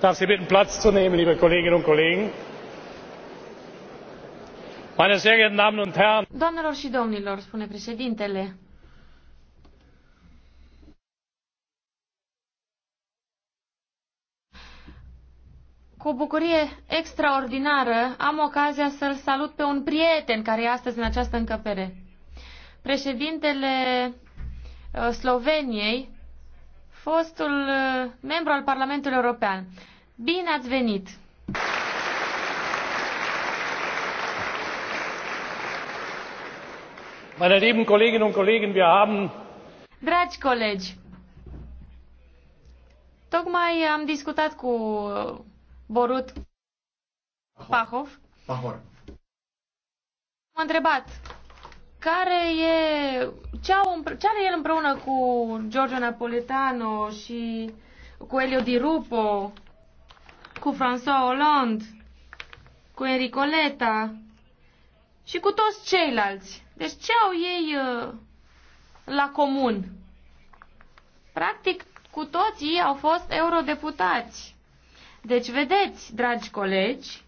darf sie bitten platz zu nehmen liebe kolleginnen und kollegen. meine sehr geehrten damen und herren! doamnelor și domnilor spune președintele cu o bucurie extraordinară am ocazia să l salut pe un prieten care e astăzi în această încăpere. președintele uh, sloveniei fostul uh, membru al Parlamentului European. Bine ați venit! Meine lieben Kolleginnen und Kollegen, wir haben Dragi colegi, tocmai am discutat cu Borut Pahov. Pahor. M-a întrebat care e ce, au, ce are el împreună cu Giorgio Napolitano și cu Elio Di Rupo, cu François Hollande, cu Enrico Leta și cu toți ceilalți. Deci ce au ei uh, la comun? Practic, cu toți ei au fost eurodeputați. Deci, vedeți, dragi colegi,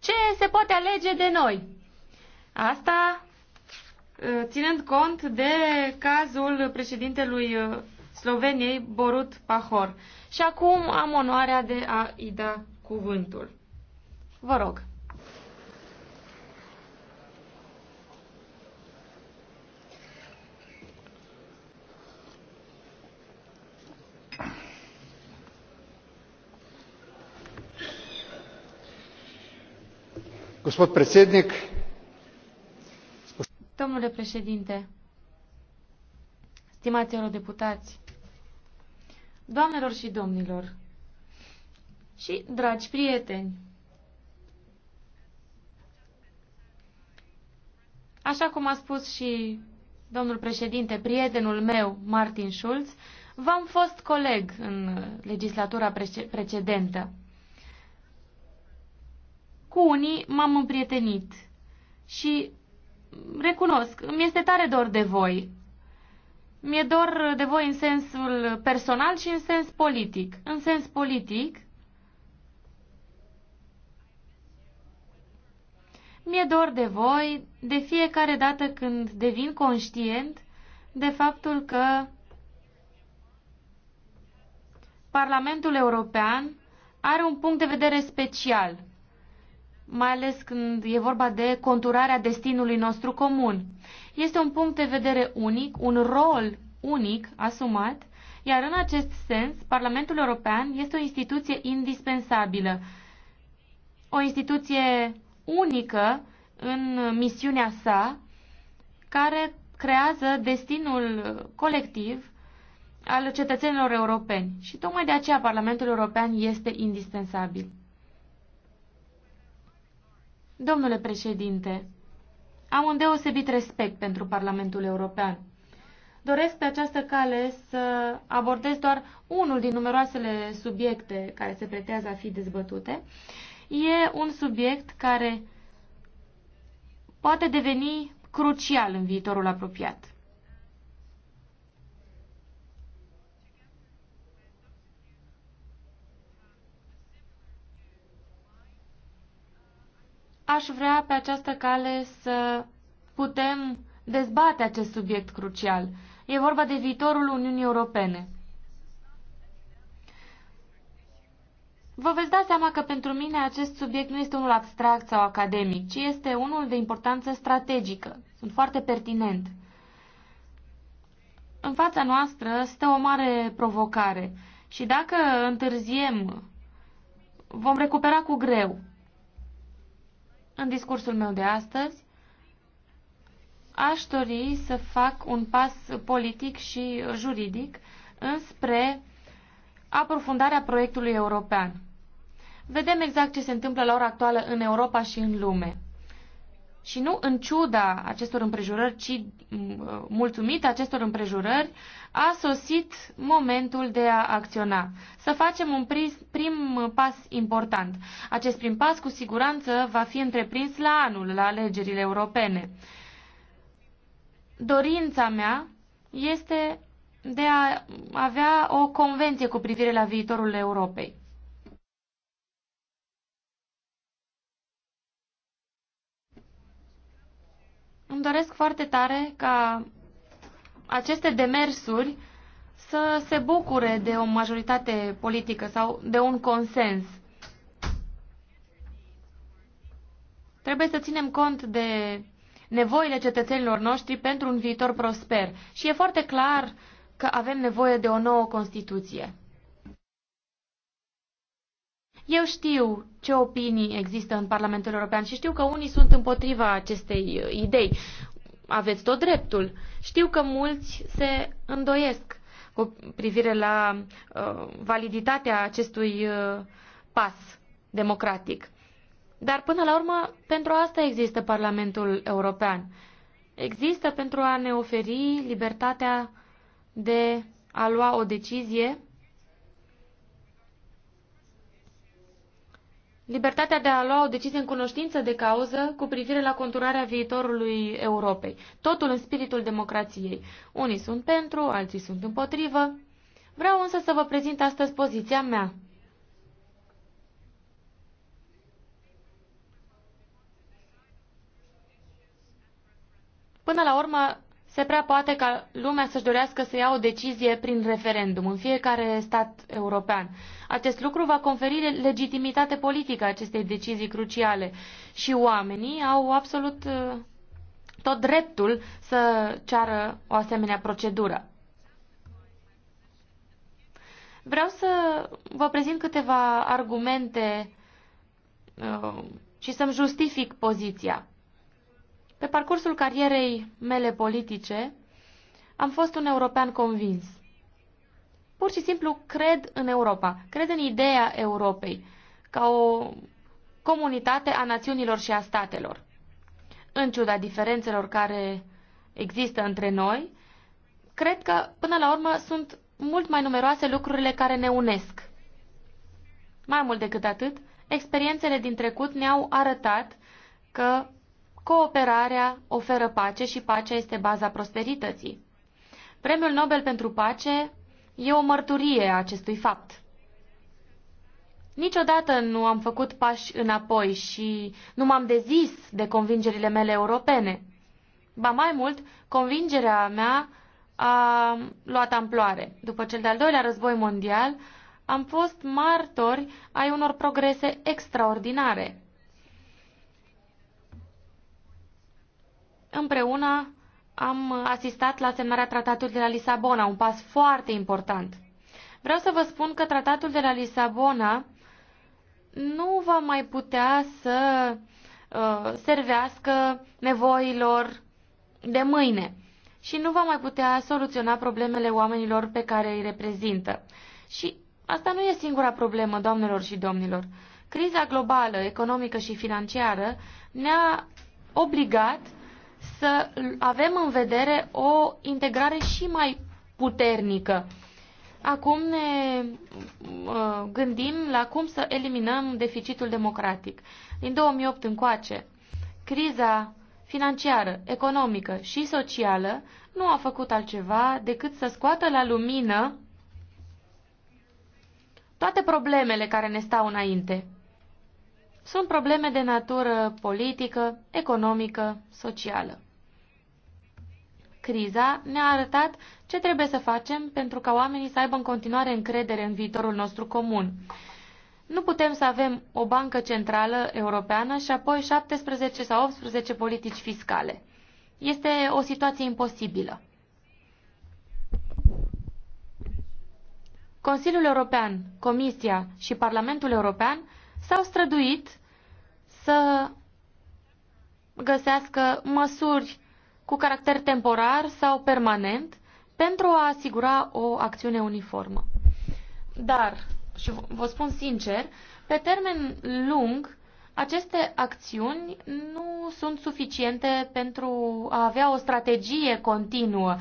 ce se poate alege de noi? Asta ă, ținând cont de cazul președintelui ă, Sloveniei, Borut Pahor. Și acum am onoarea de a-i da cuvântul. Vă rog. Gospod predsednik, Domnule președinte, stimați eurodeputați, doamnelor și domnilor, și dragi prieteni, așa cum a spus și domnul președinte, prietenul meu, Martin Schulz, v-am fost coleg în legislatura precedentă. Cu unii m-am împrietenit și recunosc, mi este tare dor de voi. Mi-e dor de voi în sensul personal și în sens politic. În sens politic, mi-e dor de voi de fiecare dată când devin conștient de faptul că Parlamentul European are un punct de vedere special mai ales când e vorba de conturarea destinului nostru comun. Este un punct de vedere unic, un rol unic asumat, iar în acest sens, Parlamentul European este o instituție indispensabilă, o instituție unică în misiunea sa, care creează destinul colectiv al cetățenilor europeni. Și tocmai de aceea Parlamentul European este indispensabil. Domnule președinte, am un deosebit respect pentru Parlamentul European. Doresc pe această cale să abordez doar unul din numeroasele subiecte care se pretează a fi dezbătute. E un subiect care poate deveni crucial în viitorul apropiat. Aș vrea pe această cale să putem dezbate acest subiect crucial. E vorba de viitorul Uniunii Europene. Vă veți da seama că pentru mine acest subiect nu este unul abstract sau academic, ci este unul de importanță strategică. Sunt foarte pertinent. În fața noastră stă o mare provocare și dacă întârziem, vom recupera cu greu în discursul meu de astăzi, aș dori să fac un pas politic și juridic înspre aprofundarea proiectului european. Vedem exact ce se întâmplă la ora actuală în Europa și în lume. Și nu în ciuda acestor împrejurări, ci mulțumit acestor împrejurări, a sosit momentul de a acționa. Să facem un prim pas important. Acest prim pas cu siguranță va fi întreprins la anul, la alegerile europene. Dorința mea este de a avea o convenție cu privire la viitorul Europei. Îmi doresc foarte tare ca aceste demersuri să se bucure de o majoritate politică sau de un consens. Trebuie să ținem cont de nevoile cetățenilor noștri pentru un viitor prosper. Și e foarte clar că avem nevoie de o nouă Constituție. Eu știu ce opinii există în Parlamentul European și știu că unii sunt împotriva acestei uh, idei. Aveți tot dreptul. Știu că mulți se îndoiesc cu privire la uh, validitatea acestui uh, pas democratic. Dar până la urmă, pentru asta există Parlamentul European. Există pentru a ne oferi libertatea de a lua o decizie libertatea de a lua o decizie în cunoștință de cauză cu privire la conturarea viitorului Europei, totul în spiritul democrației. Unii sunt pentru, alții sunt împotrivă. Vreau însă să vă prezint astăzi poziția mea. Până la urmă, se prea poate ca lumea să-și dorească să ia o decizie prin referendum în fiecare stat european. Acest lucru va conferi legitimitate politică acestei decizii cruciale și oamenii au absolut uh, tot dreptul să ceară o asemenea procedură. Vreau să vă prezint câteva argumente uh, și să-mi justific poziția. Pe parcursul carierei mele politice, am fost un european convins. Pur și simplu cred în Europa, cred în ideea Europei, ca o comunitate a națiunilor și a statelor. În ciuda diferențelor care există între noi, cred că, până la urmă, sunt mult mai numeroase lucrurile care ne unesc. Mai mult decât atât, experiențele din trecut ne-au arătat că Cooperarea oferă pace și pacea este baza prosperității. Premiul Nobel pentru pace e o mărturie a acestui fapt. Niciodată nu am făcut pași înapoi și nu m-am dezis de convingerile mele europene. Ba mai mult, convingerea mea a luat amploare. După cel de-al doilea război mondial, am fost martori ai unor progrese extraordinare. împreună am asistat la semnarea tratatului de la Lisabona, un pas foarte important. Vreau să vă spun că tratatul de la Lisabona nu va mai putea să uh, servească nevoilor de mâine și nu va mai putea soluționa problemele oamenilor pe care îi reprezintă. Și asta nu e singura problemă, doamnelor și domnilor. Criza globală, economică și financiară ne-a obligat să avem în vedere o integrare și mai puternică. Acum ne uh, gândim la cum să eliminăm deficitul democratic. Din 2008 încoace, criza financiară, economică și socială nu a făcut altceva decât să scoată la lumină toate problemele care ne stau înainte. Sunt probleme de natură politică, economică, socială criza ne-a arătat ce trebuie să facem pentru ca oamenii să aibă în continuare încredere în viitorul nostru comun. Nu putem să avem o bancă centrală europeană și apoi 17 sau 18 politici fiscale. Este o situație imposibilă. Consiliul European, Comisia și Parlamentul European s-au străduit să găsească măsuri cu caracter temporar sau permanent pentru a asigura o acțiune uniformă. Dar, și vă spun sincer, pe termen lung, aceste acțiuni nu sunt suficiente pentru a avea o strategie continuă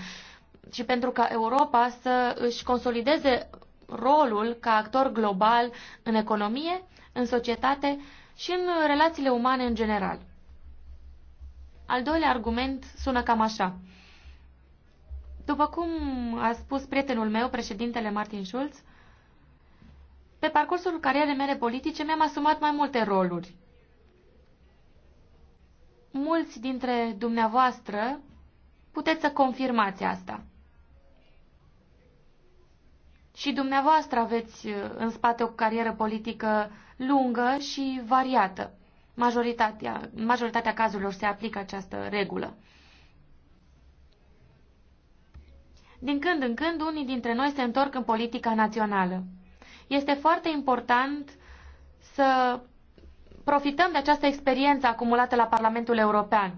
și pentru ca Europa să își consolideze rolul ca actor global în economie, în societate și în relațiile umane în general. Al doilea argument sună cam așa. După cum a spus prietenul meu, președintele Martin Schulz, pe parcursul carierei mele politice mi-am asumat mai multe roluri. Mulți dintre dumneavoastră puteți să confirmați asta. Și dumneavoastră aveți uh, în spate o carieră politică lungă și variată majoritatea, majoritatea cazurilor se aplică această regulă. Din când în când, unii dintre noi se întorc în politica națională. Este foarte important să profităm de această experiență acumulată la Parlamentul European.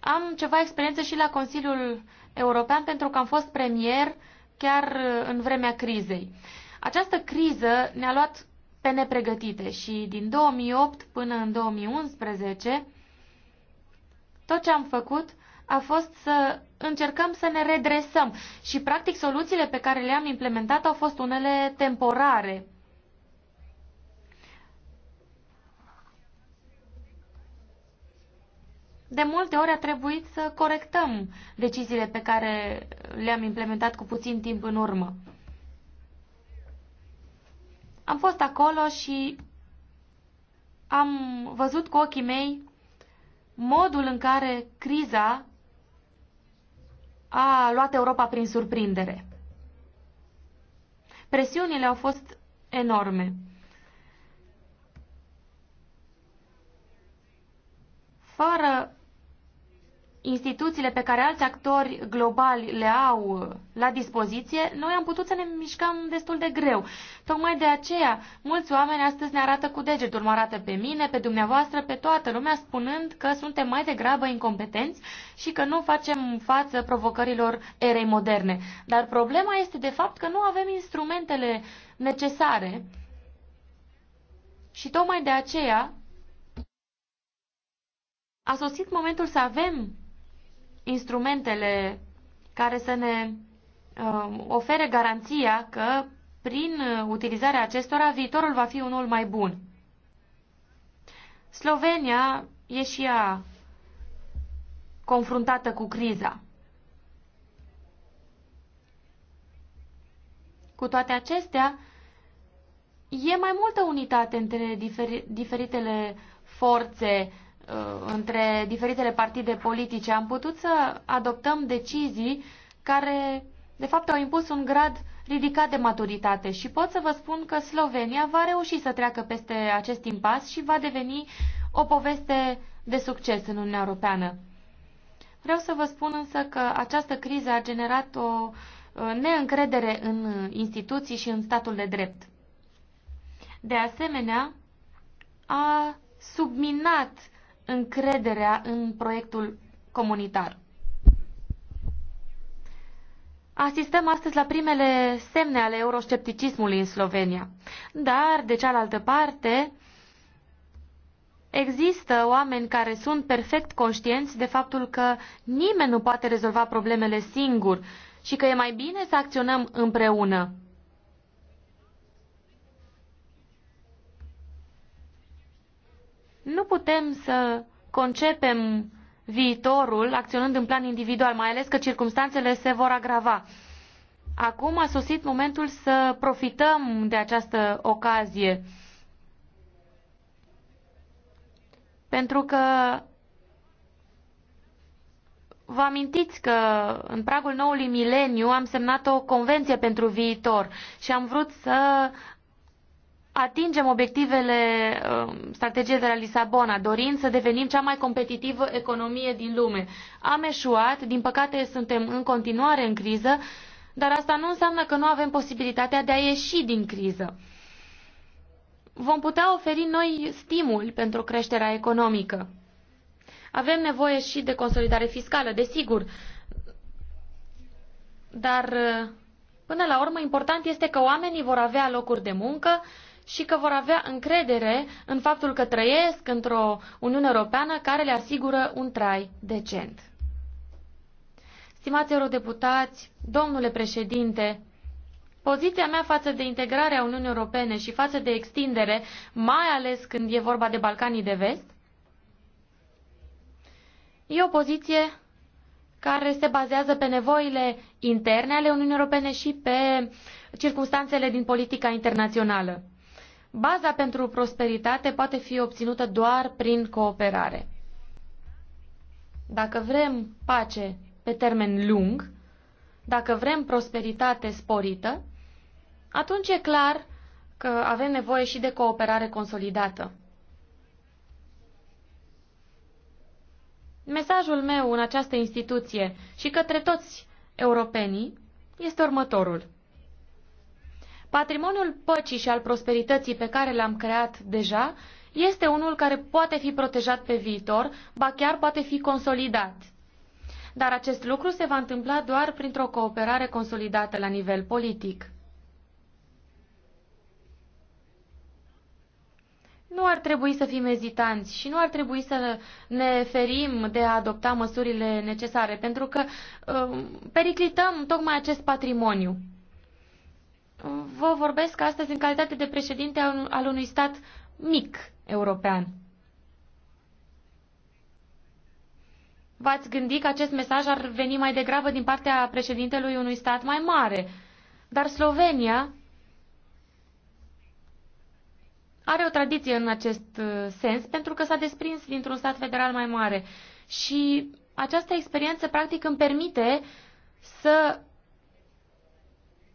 Am ceva experiență și la Consiliul European pentru că am fost premier chiar în vremea crizei. Această criză ne-a luat pe nepregătite și din 2008 până în 2011 tot ce am făcut a fost să încercăm să ne redresăm și practic soluțiile pe care le-am implementat au fost unele temporare. De multe ori a trebuit să corectăm deciziile pe care le-am implementat cu puțin timp în urmă. Am fost acolo și am văzut cu ochii mei modul în care criza a luat Europa prin surprindere. Presiunile au fost enorme. Fără instituțiile pe care alți actori globali le au la dispoziție, noi am putut să ne mișcăm destul de greu. Tocmai de aceea, mulți oameni astăzi ne arată cu degetul, mă arată pe mine, pe dumneavoastră, pe toată lumea, spunând că suntem mai degrabă incompetenți și că nu facem față provocărilor erei moderne. Dar problema este de fapt că nu avem instrumentele necesare și tocmai de aceea a sosit momentul să avem instrumentele care să ne uh, ofere garanția că prin uh, utilizarea acestora viitorul va fi unul mai bun. Slovenia e și ea confruntată cu criza. Cu toate acestea, e mai multă unitate între diferi diferitele forțe Uh, între diferitele partide politice, am putut să adoptăm decizii care, de fapt, au impus un grad ridicat de maturitate și pot să vă spun că Slovenia va reuși să treacă peste acest impas și va deveni o poveste de succes în Uniunea Europeană. Vreau să vă spun însă că această criză a generat o uh, neîncredere în instituții și în statul de drept. De asemenea, a subminat încrederea în proiectul comunitar. Asistăm astăzi la primele semne ale euroscepticismului în Slovenia. Dar, de cealaltă parte, există oameni care sunt perfect conștienți de faptul că nimeni nu poate rezolva problemele singur și că e mai bine să acționăm împreună. Nu putem să concepem viitorul acționând în plan individual, mai ales că circumstanțele se vor agrava. Acum a sosit momentul să profităm de această ocazie. Pentru că vă amintiți că în pragul noului mileniu am semnat o convenție pentru viitor și am vrut să atingem obiectivele um, strategiei de la Lisabona, dorind să devenim cea mai competitivă economie din lume. Am eșuat, din păcate suntem în continuare în criză, dar asta nu înseamnă că nu avem posibilitatea de a ieși din criză. Vom putea oferi noi stimul pentru creșterea economică. Avem nevoie și de consolidare fiscală, desigur, dar uh, până la urmă important este că oamenii vor avea locuri de muncă, și că vor avea încredere în faptul că trăiesc într-o Uniune Europeană care le asigură un trai decent. Stimați eurodeputați, domnule președinte, Poziția mea față de integrarea Uniunii Europene și față de extindere, mai ales când e vorba de Balcanii de Vest, e o poziție care se bazează pe nevoile interne ale Uniunii Europene și pe circunstanțele din politica internațională. Baza pentru prosperitate poate fi obținută doar prin cooperare. Dacă vrem pace pe termen lung, dacă vrem prosperitate sporită, atunci e clar că avem nevoie și de cooperare consolidată. Mesajul meu în această instituție și către toți europenii este următorul. Patrimoniul păcii și al prosperității pe care l-am creat deja este unul care poate fi protejat pe viitor, ba chiar poate fi consolidat. Dar acest lucru se va întâmpla doar printr-o cooperare consolidată la nivel politic. Nu ar trebui să fim ezitanți și nu ar trebui să ne ferim de a adopta măsurile necesare, pentru că uh, periclităm tocmai acest patrimoniu vă vorbesc astăzi în calitate de președinte al unui stat mic european. V-ați gândit că acest mesaj ar veni mai degrabă din partea președintelui unui stat mai mare. Dar Slovenia are o tradiție în acest uh, sens pentru că s-a desprins dintr-un stat federal mai mare. Și această experiență practic îmi permite să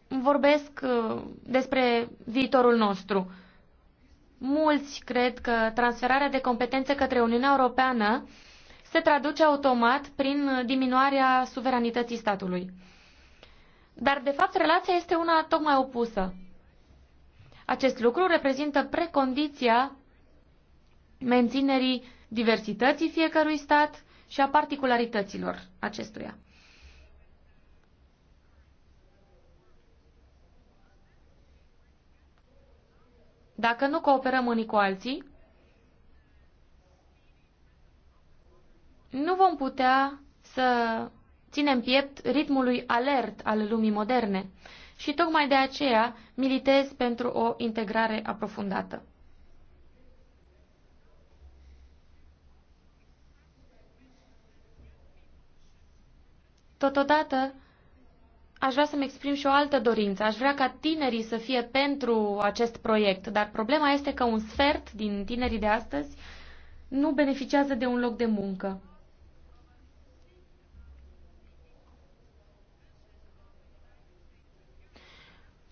vorbesc uh, despre viitorul nostru. Mulți cred că transferarea de competențe către Uniunea Europeană se traduce automat prin diminuarea suveranității statului. Dar, de fapt, relația este una tocmai opusă. Acest lucru reprezintă precondiția menținerii diversității fiecărui stat și a particularităților acestuia. Dacă nu cooperăm unii cu alții, nu vom putea să ținem piept ritmului alert al lumii moderne și tocmai de aceea militez pentru o integrare aprofundată. Totodată, aș vrea să-mi exprim și o altă dorință. Aș vrea ca tinerii să fie pentru acest proiect, dar problema este că un sfert din tinerii de astăzi nu beneficiază de un loc de muncă.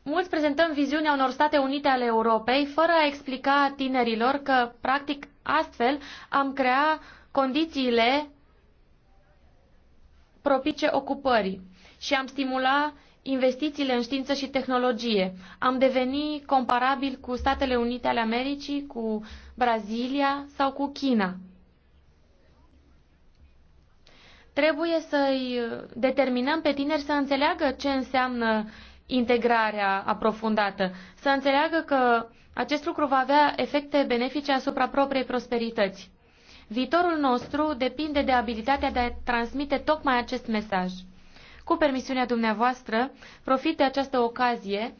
Mulți prezentăm viziunea unor state unite ale Europei fără a explica tinerilor că, practic, astfel am crea condițiile propice ocupării și am stimula investițiile în știință și tehnologie. Am deveni comparabil cu Statele Unite ale Americii, cu Brazilia sau cu China. Trebuie să-i determinăm pe tineri să înțeleagă ce înseamnă integrarea aprofundată, să înțeleagă că acest lucru va avea efecte benefice asupra propriei prosperități. Viitorul nostru depinde de abilitatea de a transmite tocmai acest mesaj. Cu permisiunea dumneavoastră, profit de această ocazie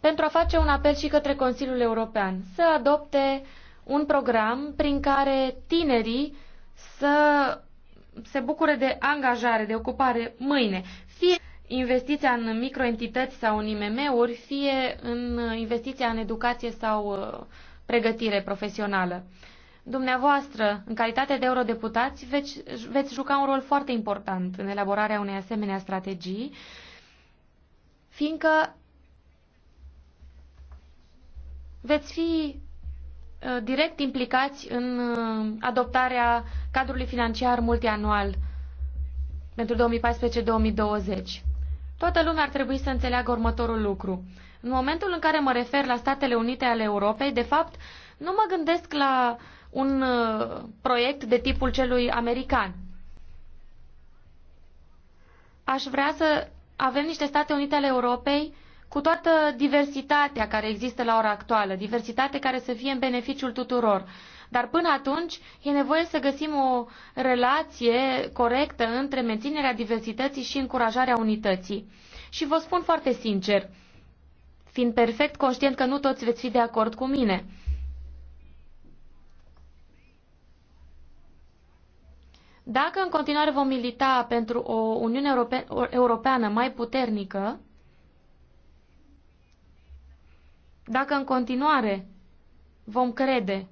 pentru a face un apel și către Consiliul European să adopte un program prin care tinerii să se bucure de angajare, de ocupare mâine, fie investiția în microentități sau în IMM-uri, fie în investiția în educație sau uh, pregătire profesională. Dumneavoastră, în calitate de eurodeputați, veți, veți juca un rol foarte important în elaborarea unei asemenea strategii, fiindcă veți fi uh, direct implicați în uh, adoptarea cadrului financiar multianual pentru 2014-2020. Toată lumea ar trebui să înțeleagă următorul lucru. În momentul în care mă refer la Statele Unite ale Europei, de fapt, nu mă gândesc la uh, un uh, proiect de tipul celui american. Aș vrea să avem niște State Unite ale Europei cu toată diversitatea care există la ora actuală, diversitate care să fie în beneficiul tuturor. Dar până atunci e nevoie să găsim o relație corectă între menținerea diversității și încurajarea unității. Și vă spun foarte sincer, fiind perfect conștient că nu toți veți fi de acord cu mine, Dacă în continuare vom milita pentru o Uniune Europe Europeană mai puternică, dacă în continuare vom crede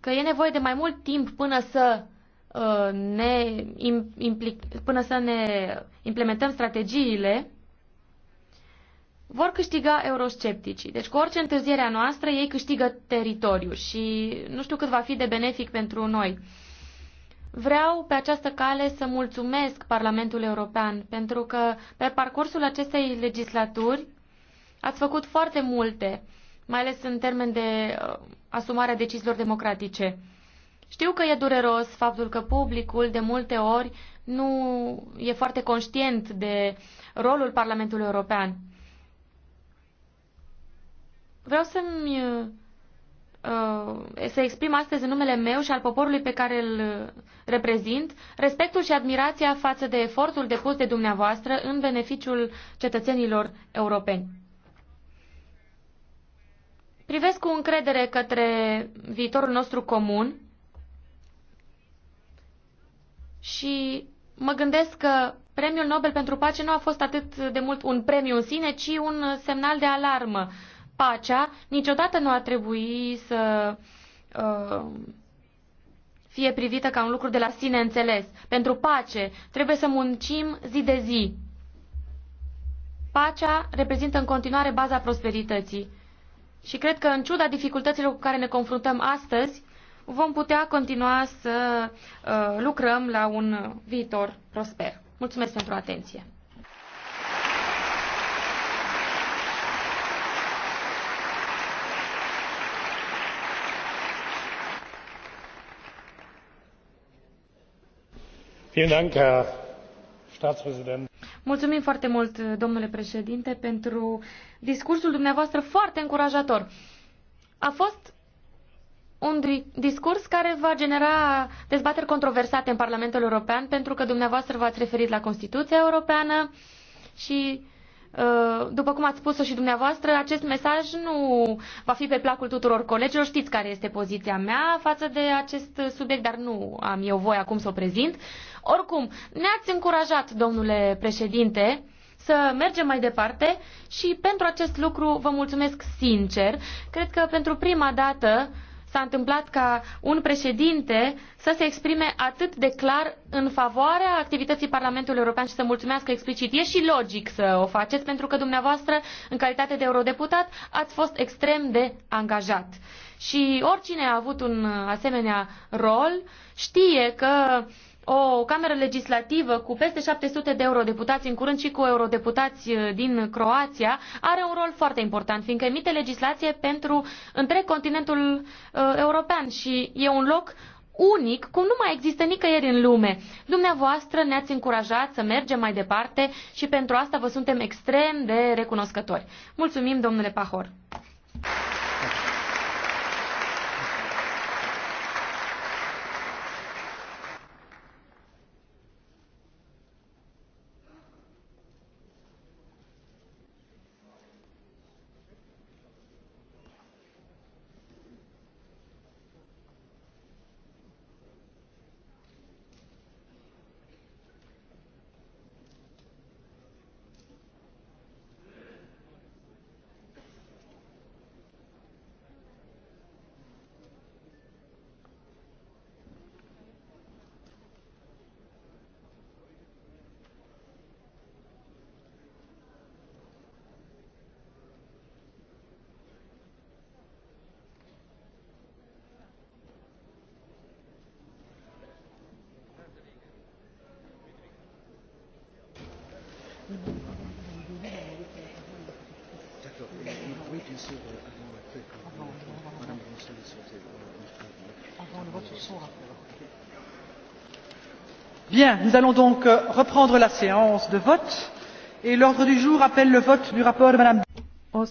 că e nevoie de mai mult timp până să uh, ne, implic, până să ne implementăm strategiile, vor câștiga euroscepticii. Deci cu orice întârziere a noastră, ei câștigă teritoriu și nu știu cât va fi de benefic pentru noi. Vreau pe această cale să mulțumesc Parlamentul European pentru că pe parcursul acestei legislaturi ați făcut foarte multe, mai ales în termen de uh, asumarea deciziilor democratice. Știu că e dureros faptul că publicul de multe ori nu e foarte conștient de rolul Parlamentului European. Vreau să-mi uh, Uh, să exprim astăzi în numele meu și al poporului pe care îl uh, reprezint, respectul și admirația față de efortul depus de dumneavoastră în beneficiul cetățenilor europeni. Privesc cu încredere către viitorul nostru comun și mă gândesc că premiul Nobel pentru pace nu a fost atât de mult un premiu în sine, ci un semnal de alarmă pacea niciodată nu ar trebui să uh, fie privită ca un lucru de la sine înțeles. Pentru pace trebuie să muncim zi de zi. Pacea reprezintă în continuare baza prosperității. Și cred că, în ciuda dificultăților cu care ne confruntăm astăzi, vom putea continua să uh, lucrăm la un viitor prosper. Mulțumesc pentru atenție! Mulțumim foarte mult, domnule președinte, pentru discursul dumneavoastră foarte încurajator. A fost un discurs care va genera dezbateri controversate în Parlamentul European, pentru că dumneavoastră v-ați referit la Constituția Europeană și Uh, după cum ați spus-o și dumneavoastră, acest mesaj nu va fi pe placul tuturor colegilor. Știți care este poziția mea față de acest subiect, dar nu am eu voie acum să o prezint. Oricum, ne-ați încurajat, domnule președinte, să mergem mai departe și pentru acest lucru vă mulțumesc sincer. Cred că pentru prima dată s-a întâmplat ca un președinte să se exprime atât de clar în favoarea activității Parlamentului European și să mulțumească explicit. E și logic să o faceți, pentru că dumneavoastră, în calitate de eurodeputat, ați fost extrem de angajat. Și oricine a avut un asemenea rol știe că uh, o cameră legislativă cu peste 700 de eurodeputați în curând și cu eurodeputați uh, din Croația are un rol foarte important, fiindcă emite legislație pentru întreg continentul uh, european și e un loc unic, cum nu mai există nicăieri în lume. Dumneavoastră ne-ați încurajat să mergem mai departe și pentru asta vă suntem extrem de recunoscători. Mulțumim, domnule Pahor! Bien, nous allons donc euh, reprendre la séance de vote et l'ordre du jour appelle le vote du rapport de Madame. O